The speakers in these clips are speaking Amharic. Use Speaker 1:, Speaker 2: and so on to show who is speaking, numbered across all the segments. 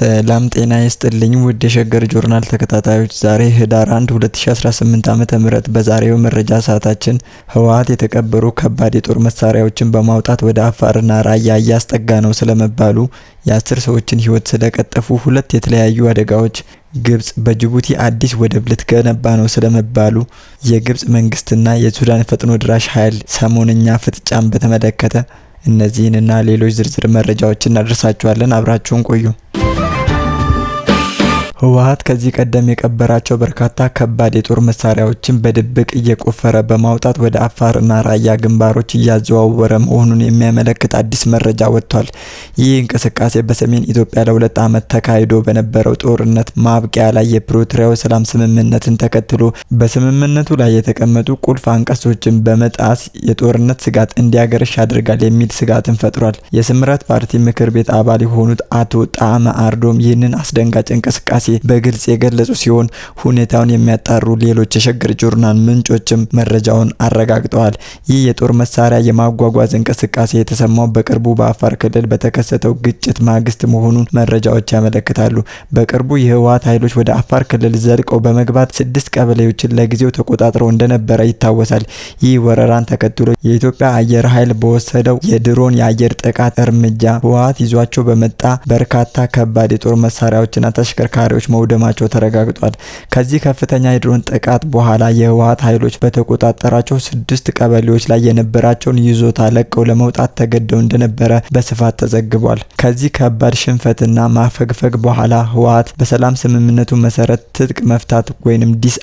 Speaker 1: ሰላም ጤና ይስጥልኝ ውድ የሸገር ጆርናል ተከታታዮች፣ ዛሬ ህዳር 1 2018 ዓመተ ምህረት በዛሬው መረጃ ሰዓታችን ህወሓት የተቀበሩ ከባድ የጦር መሳሪያዎችን በማውጣት ወደ አፋርና ራያ እያስጠጋ ነው ስለመባሉ፣ የአስር ሰዎችን ህይወት ስለቀጠፉ ሁለት የተለያዩ አደጋዎች፣ ግብጽ በጅቡቲ አዲስ ወደብ ልትገነባ ነው ስለመባሉ፣ የግብጽ መንግስትና የሱዳን ፈጥኖ ድራሽ ኃይል ሰሞንኛ ፍጥጫን በተመለከተ እነዚህንና ሌሎች ዝርዝር መረጃዎችን እናደርሳችኋለን። አብራችሁን ቆዩ። ህወሀት ከዚህ ቀደም የቀበራቸው በርካታ ከባድ የጦር መሳሪያዎችን በድብቅ እየቆፈረ በማውጣት ወደ አፋርና ራያ ግንባሮች እያዘዋወረ መሆኑን የሚያመለክት አዲስ መረጃ ወጥቷል። ይህ እንቅስቃሴ በሰሜን ኢትዮጵያ ለሁለት ዓመት ተካሂዶ በነበረው ጦርነት ማብቂያ ላይ የፕሪቶሪያው ሰላም ስምምነትን ተከትሎ በስምምነቱ ላይ የተቀመጡ ቁልፍ አንቀሶችን በመጣስ የጦርነት ስጋት እንዲያገረሽ ያደርጋል የሚል ስጋትን ፈጥሯል። የስምረት ፓርቲ ምክር ቤት አባል የሆኑት አቶ ጣዕመ አርዶም ይህንን አስደንጋጭ እንቅስቃሴ በግልጽ የገለጹ ሲሆን ሁኔታውን የሚያጣሩ ሌሎች የሸገር ጆርናል ምንጮችም መረጃውን አረጋግጠዋል። ይህ የጦር መሳሪያ የማጓጓዝ እንቅስቃሴ የተሰማው በቅርቡ በአፋር ክልል በተከሰተው ግጭት ማግስት መሆኑን መረጃዎች ያመለክታሉ። በቅርቡ የህወሀት ኃይሎች ወደ አፋር ክልል ዘልቀው በመግባት ስድስት ቀበሌዎችን ለጊዜው ተቆጣጥረው እንደነበረ ይታወሳል። ይህ ወረራን ተከትሎ የኢትዮጵያ አየር ኃይል በወሰደው የድሮን የአየር ጥቃት እርምጃ ህወሀት ይዟቸው በመጣ በርካታ ከባድ የጦር መሳሪያዎችና ተሽከርካሪዎች ኃይሎች መውደማቸው ተረጋግጧል። ከዚህ ከፍተኛ የድሮን ጥቃት በኋላ የህወሀት ኃይሎች በተቆጣጠራቸው ስድስት ቀበሌዎች ላይ የነበራቸውን ይዞታ ለቀው ለመውጣት ተገደው እንደነበረ በስፋት ተዘግቧል። ከዚህ ከባድ ሽንፈትና ማፈግፈግ በኋላ ህወሀት በሰላም ስምምነቱ መሰረት ትጥቅ መፍታት ወይም ዲስ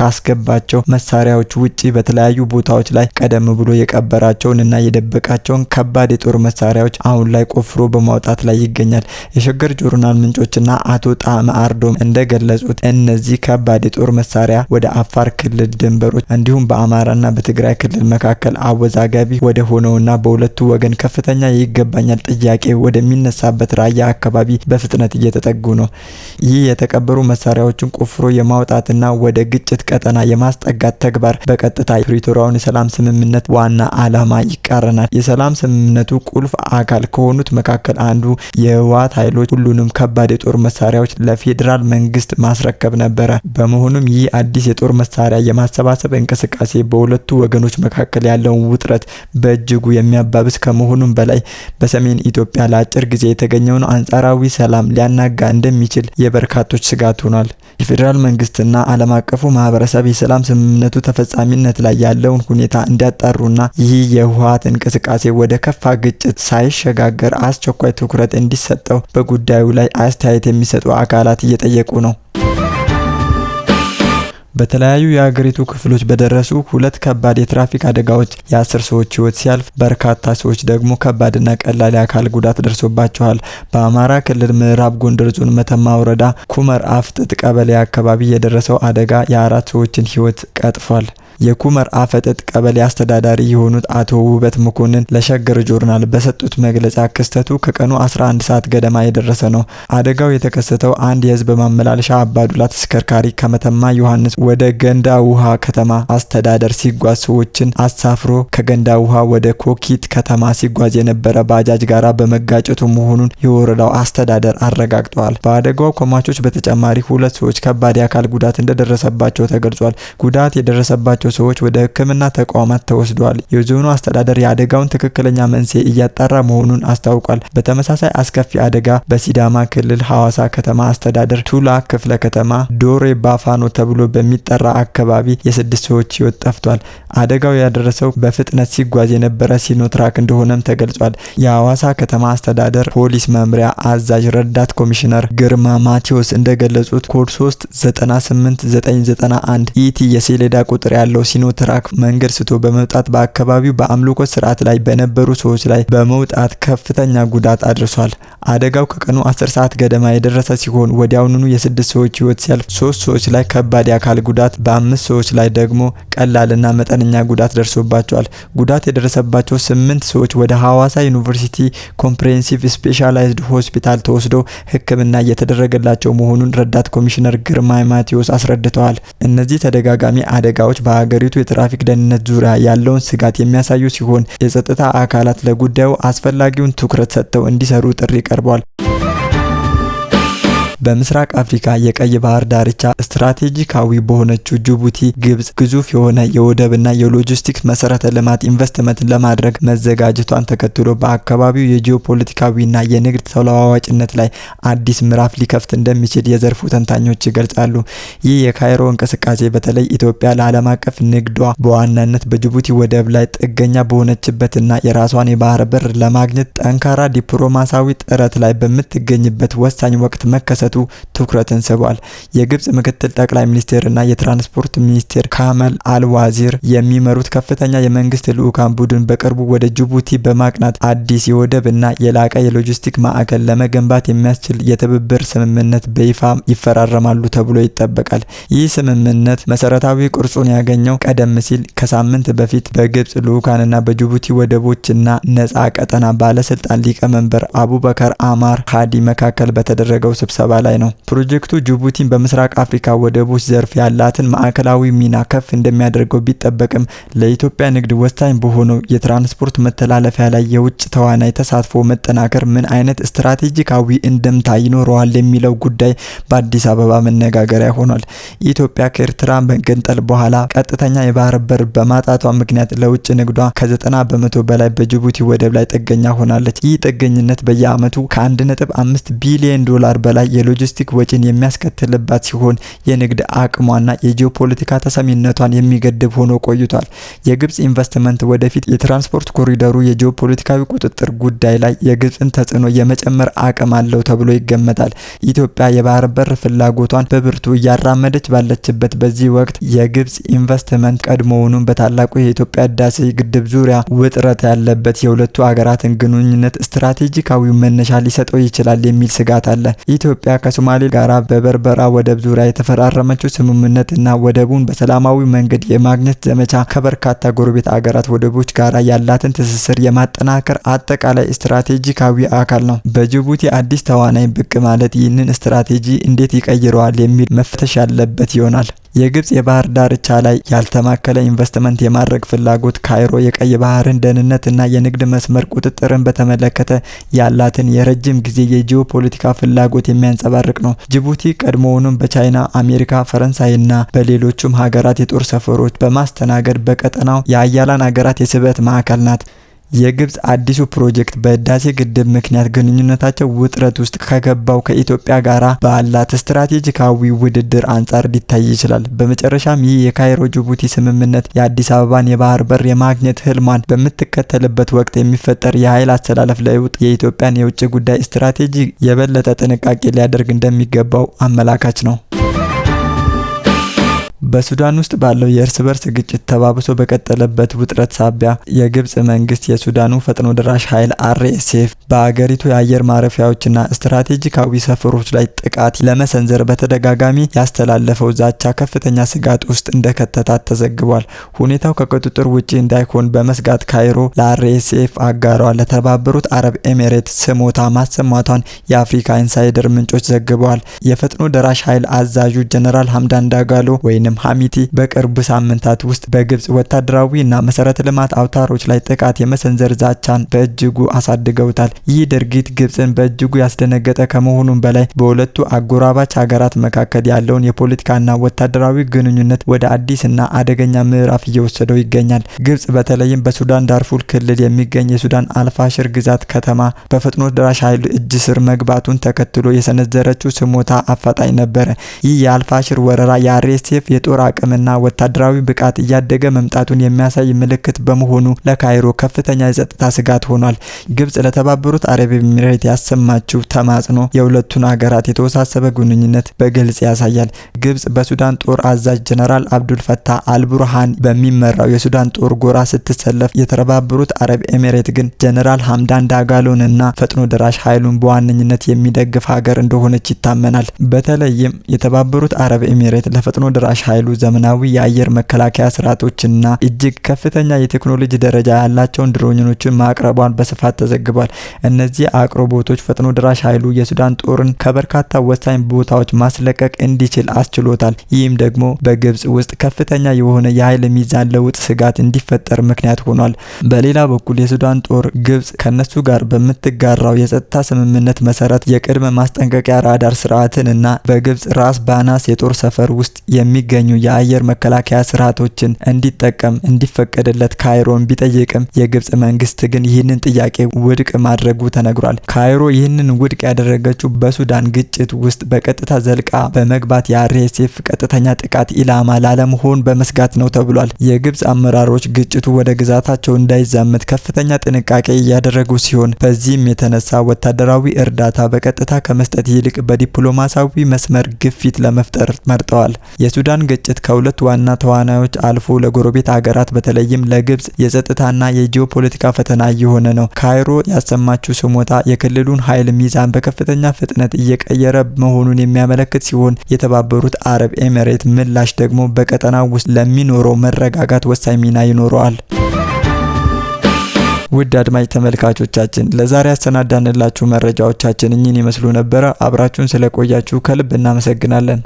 Speaker 1: ካስገባቸው መሳሪያዎች ውጪ በተለያዩ ቦታዎች ላይ ቀደም ብሎ የቀበራቸውን እና የደበቃቸውን ከባድ የጦር መሳሪያዎች አሁን ላይ ቆፍሮ በማውጣት ላይ ይገኛል። የሸገር ጆርናል ምንጮችና አቶ ጣመ አርዶም እንደገለጹት እነዚህ ከባድ የጦር መሳሪያ ወደ አፋር ክልል ድንበሮች እንዲሁም በአማራና በትግራይ ክልል መካከል አወዛጋቢ ወደ ሆነውና በሁለቱ ወገን ከፍተኛ ይገባኛል ጥያቄ ወደሚነሳበት ራያ አካባቢ በፍጥነት እየተጠጉ ነው። ይህ የተቀበሩ መሳሪያዎችን ቆፍሮ የማውጣትና ወደ ግጭት ቀጠና የማስጠጋት ተግባር በቀጥታ የፕሪቶሪያውን የሰላም ስምምነት ዋና ዓላማ ይቃረናል። የሰላም ስምምነቱ ቁልፍ አካል ከሆኑት መካከል አንዱ የህወሓት ኃይሎች ሁሉንም ከባድ የጦር መሳሪያዎች ለ ለፌዴራል መንግስት ማስረከብ ነበረ። በመሆኑም ይህ አዲስ የጦር መሳሪያ የማሰባሰብ እንቅስቃሴ በሁለቱ ወገኖች መካከል ያለውን ውጥረት በእጅጉ የሚያባብስ ከመሆኑም በላይ በሰሜን ኢትዮጵያ ለአጭር ጊዜ የተገኘውን አንጻራዊ ሰላም ሊያናጋ እንደሚችል የበርካቶች ስጋት ሆኗል። የፌዴራል መንግስትና ዓለም አቀፉ ማህበረሰብ የሰላም ስምምነቱ ተፈጻሚነት ላይ ያለውን ሁኔታ እንዲያጣሩና ይህ የህወሓት እንቅስቃሴ ወደ ከፋ ግጭት ሳይሸጋገር አስቸኳይ ትኩረት እንዲሰጠው በጉዳዩ ላይ አስተያየት የሚሰጡ አካላት አካላት እየጠየቁ ነው። በተለያዩ የአገሪቱ ክፍሎች በደረሱ ሁለት ከባድ የትራፊክ አደጋዎች የአስር ሰዎች ህይወት ሲያልፍ በርካታ ሰዎች ደግሞ ከባድና ቀላል የአካል ጉዳት ደርሶባቸዋል። በአማራ ክልል ምዕራብ ጎንደር ዞን መተማ ወረዳ ኩመር አፍጥጥ ቀበሌ አካባቢ የደረሰው አደጋ የአራት ሰዎችን ህይወት ቀጥፏል። የኩመር አፈጠጥ ቀበሌ አስተዳዳሪ የሆኑት አቶ ውበት መኮንን ለሸገር ጆርናል በሰጡት መግለጫ ክስተቱ ከቀኑ 11 ሰዓት ገደማ የደረሰ ነው። አደጋው የተከሰተው አንድ የህዝብ ማመላለሻ አባዱላ ተሽከርካሪ ከመተማ ዮሐንስ ወደ ገንዳ ውሃ ከተማ አስተዳደር ሲጓዝ ሰዎችን አሳፍሮ ከገንዳ ውሃ ወደ ኮኪት ከተማ ሲጓዝ የነበረ ባጃጅ ጋራ በመጋጨቱ መሆኑን የወረዳው አስተዳደር አረጋግጠዋል። በአደጋው ከሟቾች በተጨማሪ ሁለት ሰዎች ከባድ የአካል ጉዳት እንደደረሰባቸው ተገልጿል። ጉዳት የደረሰባቸው ያለባቸው ሰዎች ወደ ሕክምና ተቋማት ተወስደዋል። የዞኑ አስተዳደር የአደጋውን ትክክለኛ መንስኤ እያጣራ መሆኑን አስታውቋል። በተመሳሳይ አስከፊ አደጋ በሲዳማ ክልል ሐዋሳ ከተማ አስተዳደር ቱላ ክፍለ ከተማ ዶሬ ባፋኖ ተብሎ በሚጠራ አካባቢ የስድስት ሰዎች ህይወት ጠፍቷል። አደጋው ያደረሰው በፍጥነት ሲጓዝ የነበረ ሲኖትራክ እንደሆነም ተገልጿል። የሐዋሳ ከተማ አስተዳደር ፖሊስ መምሪያ አዛዥ ረዳት ኮሚሽነር ግርማ ማቴዎስ እንደገለጹት ኮድ 3 98 991 ኢቲ የሰሌዳ ቁጥር ያለው ሲኖ ሲኖትራክ መንገድ ስቶ በመውጣት በአካባቢው በአምልኮ ስርዓት ላይ በነበሩ ሰዎች ላይ በመውጣት ከፍተኛ ጉዳት አድርሷል። አደጋው ከቀኑ 10 ሰዓት ገደማ የደረሰ ሲሆን ወዲያውኑ የስድስት ሰዎች ህይወት ሲያልፍ ሶስት ሰዎች ላይ ከባድ የአካል ጉዳት፣ በአምስት ሰዎች ላይ ደግሞ ቀላልና መጠነኛ ጉዳት ደርሶባቸዋል። ጉዳት የደረሰባቸው ስምንት ሰዎች ወደ ሐዋሳ ዩኒቨርሲቲ ኮምፕሬሄንሲቭ ስፔሻላይዝድ ሆስፒታል ተወስደው ሕክምና እየተደረገላቸው መሆኑን ረዳት ኮሚሽነር ግርማ ማቴዎስ አስረድተዋል። እነዚህ ተደጋጋሚ አደጋዎች በአ በሀገሪቱ የትራፊክ ደህንነት ዙሪያ ያለውን ስጋት የሚያሳዩ ሲሆን የጸጥታ አካላት ለጉዳዩ አስፈላጊውን ትኩረት ሰጥተው እንዲሰሩ ጥሪ ቀርቧል። በምስራቅ አፍሪካ የቀይ ባህር ዳርቻ ስትራቴጂካዊ በሆነችው ጅቡቲ ግብጽ ግዙፍ የሆነ የወደብና የሎጂስቲክስ መሰረተ ልማት ኢንቨስትመንት ለማድረግ መዘጋጀቷን ተከትሎ በአካባቢው የጂኦፖለቲካዊና የንግድ ተለዋዋጭነት ላይ አዲስ ምዕራፍ ሊከፍት እንደሚችል የዘርፉ ተንታኞች ይገልጻሉ። ይህ የካይሮ እንቅስቃሴ በተለይ ኢትዮጵያ ለዓለም አቀፍ ንግዷ በዋናነት በጅቡቲ ወደብ ላይ ጥገኛ በሆነችበትና የራሷን የባህር በር ለማግኘት ጠንካራ ዲፕሎማሲያዊ ጥረት ላይ በምትገኝበት ወሳኝ ወቅት መከሰት መከሰቱ ትኩረትን ስቧል። የግብጽ ምክትል ጠቅላይ ሚኒስቴርና የትራንስፖርት ሚኒስቴር ካመል አልዋዚር የሚመሩት ከፍተኛ የመንግስት ልዑካን ቡድን በቅርቡ ወደ ጅቡቲ በማቅናት አዲስ የወደብ እና የላቀ የሎጂስቲክ ማዕከል ለመገንባት የሚያስችል የትብብር ስምምነት በይፋ ይፈራረማሉ ተብሎ ይጠበቃል። ይህ ስምምነት መሰረታዊ ቅርጹን ያገኘው ቀደም ሲል ከሳምንት በፊት በግብጽ ልዑካንና በጅቡቲ ወደቦችና ነጻ ቀጠና ባለስልጣን ሊቀመንበር አቡበከር አማር ሃዲ መካከል በተደረገው ስብሰባ ላይ ነው። ፕሮጀክቱ ጅቡቲን በምስራቅ አፍሪካ ወደቦች ዘርፍ ያላትን ማዕከላዊ ሚና ከፍ እንደሚያደርገው ቢጠበቅም ለኢትዮጵያ ንግድ ወሳኝ በሆነው የትራንስፖርት መተላለፊያ ላይ የውጭ ተዋናይ ተሳትፎ መጠናከር ምን አይነት ስትራቴጂካዊ እንደምታ ይኖረዋል የሚለው ጉዳይ በአዲስ አበባ መነጋገሪያ ሆኗል። ኢትዮጵያ ከኤርትራ መገንጠል በኋላ ቀጥተኛ የባህር በር በማጣቷ ምክንያት ለውጭ ንግዷ ከ90 በመቶ በላይ በጅቡቲ ወደብ ላይ ጥገኛ ሆናለች። ይህ ጥገኝነት በየአመቱ ከ1.5 ቢሊዮን ዶላር በላይ የሎጂስቲክ ወጪን የሚያስከትልባት ሲሆን የንግድ አቅሟና የጂኦፖለቲካ ተሰሚነቷን የሚገድብ ሆኖ ቆይቷል። የግብጽ ኢንቨስትመንት ወደፊት የትራንስፖርት ኮሪደሩ የጂኦፖለቲካዊ ቁጥጥር ጉዳይ ላይ የግብጽን ተጽዕኖ የመጨመር አቅም አለው ተብሎ ይገመታል። ኢትዮጵያ የባህር በር ፍላጎቷን በብርቱ እያራመደች ባለችበት በዚህ ወቅት የግብጽ ኢንቨስትመንት ቀድሞውኑም በታላቁ የኢትዮጵያ ህዳሴ ግድብ ዙሪያ ውጥረት ያለበት የሁለቱ ሀገራትን ግንኙነት ስትራቴጂካዊ መነሻ ሊሰጠው ይችላል የሚል ስጋት አለ። ኢትዮጵያ ከሶማሌ ጋራ በበርበራ ወደብ ዙሪያ የተፈራረመችው እና ወደቡን በሰላማዊ መንገድ የማግኘት ዘመቻ ከበርካታ ጎረቤት አገራት ወደቦች ጋራ ያላትን ትስስር የማጠናከር አጠቃላይ ስትራቴጂካዊ አካል ነው። በጅቡቲ አዲስ ተዋናይ ብቅ ማለት ይህንን ስትራቴጂ እንዴት ይቀይረዋል የሚል መፈተሽ ያለበት ይሆናል። የግብጽ የባህር ዳርቻ ላይ ያልተማከለ ኢንቨስትመንት የማድረግ ፍላጎት ካይሮ የቀይ ባህርን ደህንነት እና የንግድ መስመር ቁጥጥርን በተመለከተ ያላትን የረጅም ጊዜ የጂኦ ፖለቲካ ፍላጎት የሚያንጸባርቅ ነው። ጅቡቲ ቀድሞውኑም በቻይና፣ አሜሪካ፣ ፈረንሳይና በሌሎቹም ሀገራት የጦር ሰፈሮች በማስተናገድ በቀጠናው የአያላን ሀገራት የስበት ማዕከል ናት። የግብፅ አዲሱ ፕሮጀክት በህዳሴ ግድብ ምክንያት ግንኙነታቸው ውጥረት ውስጥ ከገባው ከኢትዮጵያ ጋር ባላት ስትራቴጂካዊ ውድድር አንጻር ሊታይ ይችላል። በመጨረሻም ይህ የካይሮ ጅቡቲ ስምምነት የአዲስ አበባን የባህር በር የማግኘት ህልሟን በምትከተልበት ወቅት የሚፈጠር የኃይል አስተላለፍ ለውጥ የኢትዮጵያን የውጭ ጉዳይ ስትራቴጂ የበለጠ ጥንቃቄ ሊያደርግ እንደሚገባው አመላካች ነው። በሱዳን ውስጥ ባለው የእርስ በርስ ግጭት ተባብሶ በቀጠለበት ውጥረት ሳቢያ የግብጽ መንግስት የሱዳኑ ፈጥኖ ደራሽ ኃይል አርኤስኤፍ በአገሪቱ የአየር ማረፊያዎችና ስትራቴጂካዊ ሰፈሮች ላይ ጥቃት ለመሰንዘር በተደጋጋሚ ያስተላለፈው ዛቻ ከፍተኛ ስጋት ውስጥ እንደከተታት ተዘግቧል። ሁኔታው ከቁጥጥር ውጪ እንዳይሆን በመስጋት ካይሮ ለአርኤስኤፍ አጋሯ ለተባበሩት አረብ ኤሜሬት ስሞታ ማሰማቷን የአፍሪካ ኢንሳይደር ምንጮች ዘግበዋል። የፈጥኖ ደራሽ ኃይል አዛዡ ጀነራል ሀምዳን ዳጋሎ ወይንም ሀሚቲ በቅርብ ሳምንታት ውስጥ በግብጽ ወታደራዊና መሰረተ ልማት አውታሮች ላይ ጥቃት የመሰንዘር ዛቻን በእጅጉ አሳድገውታል። ይህ ድርጊት ግብጽን በእጅጉ ያስደነገጠ ከመሆኑም በላይ በሁለቱ አጎራባች ሀገራት መካከል ያለውን የፖለቲካና ወታደራዊ ግንኙነት ወደ አዲስና አደገኛ ምዕራፍ እየወሰደው ይገኛል። ግብጽ በተለይም በሱዳን ዳርፉል ክልል የሚገኝ የሱዳን አልፋሽር ግዛት ከተማ በፈጥኖ ደራሽ ኃይል እጅ ስር መግባቱን ተከትሎ የሰነዘረችው ስሞታ አፋጣኝ ነበረ። ይህ የአልፋሽር ወረራ የአርኤስኤፍ የጦር የጦር አቅምና ወታደራዊ ብቃት እያደገ መምጣቱን የሚያሳይ ምልክት በመሆኑ ለካይሮ ከፍተኛ የጸጥታ ስጋት ሆኗል። ግብጽ ለተባበሩት አረብ ኤሚሬት ያሰማችው ተማጽኖ የሁለቱን ሀገራት የተወሳሰበ ግንኙነት በግልጽ ያሳያል። ግብጽ በሱዳን ጦር አዛዥ ጀነራል አብዱል ፈታህ አልቡርሃን በሚመራው የሱዳን ጦር ጎራ ስትሰለፍ፣ የተባበሩት አረብ ኤሚሬት ግን ጀነራል ሀምዳን ዳጋሎን እና ፈጥኖ ደራሽ ኃይሉን በዋነኝነት የሚደግፍ ሀገር እንደሆነች ይታመናል። በተለይም የተባበሩት አረብ ኤሚሬት ለፈጥኖ ደራሽ ኃይል ኃይሉ ዘመናዊ የአየር መከላከያ ስርዓቶችና እጅግ ከፍተኛ የቴክኖሎጂ ደረጃ ያላቸውን ድሮኖችን ማቅረቧን በስፋት ተዘግቧል። እነዚህ አቅርቦቶች ፈጥኖ ድራሽ ኃይሉ የሱዳን ጦርን ከበርካታ ወሳኝ ቦታዎች ማስለቀቅ እንዲችል አስችሎታል። ይህም ደግሞ በግብጽ ውስጥ ከፍተኛ የሆነ የኃይል ሚዛን ለውጥ ስጋት እንዲፈጠር ምክንያት ሆኗል። በሌላ በኩል የሱዳን ጦር ግብጽ ከነሱ ጋር በምትጋራው የጸጥታ ስምምነት መሰረት የቅድመ ማስጠንቀቂያ ራዳር ስርዓትን እና በግብጽ ራስ ባናስ የጦር ሰፈር ውስጥ የሚገኝ የሚገኙ የአየር መከላከያ ስርዓቶችን እንዲጠቀም እንዲፈቀድለት ካይሮን ቢጠይቅም የግብጽ መንግስት ግን ይህንን ጥያቄ ውድቅ ማድረጉ ተነግሯል። ካይሮ ይህንን ውድቅ ያደረገችው በሱዳን ግጭት ውስጥ በቀጥታ ዘልቃ በመግባት የአርኤስኤፍ ቀጥተኛ ጥቃት ኢላማ ላለመሆን በመስጋት ነው ተብሏል። የግብጽ አመራሮች ግጭቱ ወደ ግዛታቸው እንዳይዛመት ከፍተኛ ጥንቃቄ እያደረጉ ሲሆን በዚህም የተነሳ ወታደራዊ እርዳታ በቀጥታ ከመስጠት ይልቅ በዲፕሎማሲያዊ መስመር ግፊት ለመፍጠር መርጠዋል። የሱዳን ግጭት ከሁለት ዋና ተዋናዮች አልፎ ለጎረቤት አገራት በተለይም ለግብጽ የጸጥታና የጂኦፖለቲካ ፈተና እየሆነ ነው። ካይሮ ያሰማችው ስሞታ የክልሉን ኃይል ሚዛን በከፍተኛ ፍጥነት እየቀየረ መሆኑን የሚያመለክት ሲሆን የተባበሩት አረብ ኤሚሬት ምላሽ ደግሞ በቀጠናው ውስጥ ለሚኖረው መረጋጋት ወሳኝ ሚና ይኖረዋል። ውድ አድማጭ ተመልካቾቻችን ለዛሬ ያሰናዳንላችሁ መረጃዎቻችን እኚህን ይመስሉ ነበረ። አብራችሁን ስለቆያችሁ ከልብ እናመሰግናለን።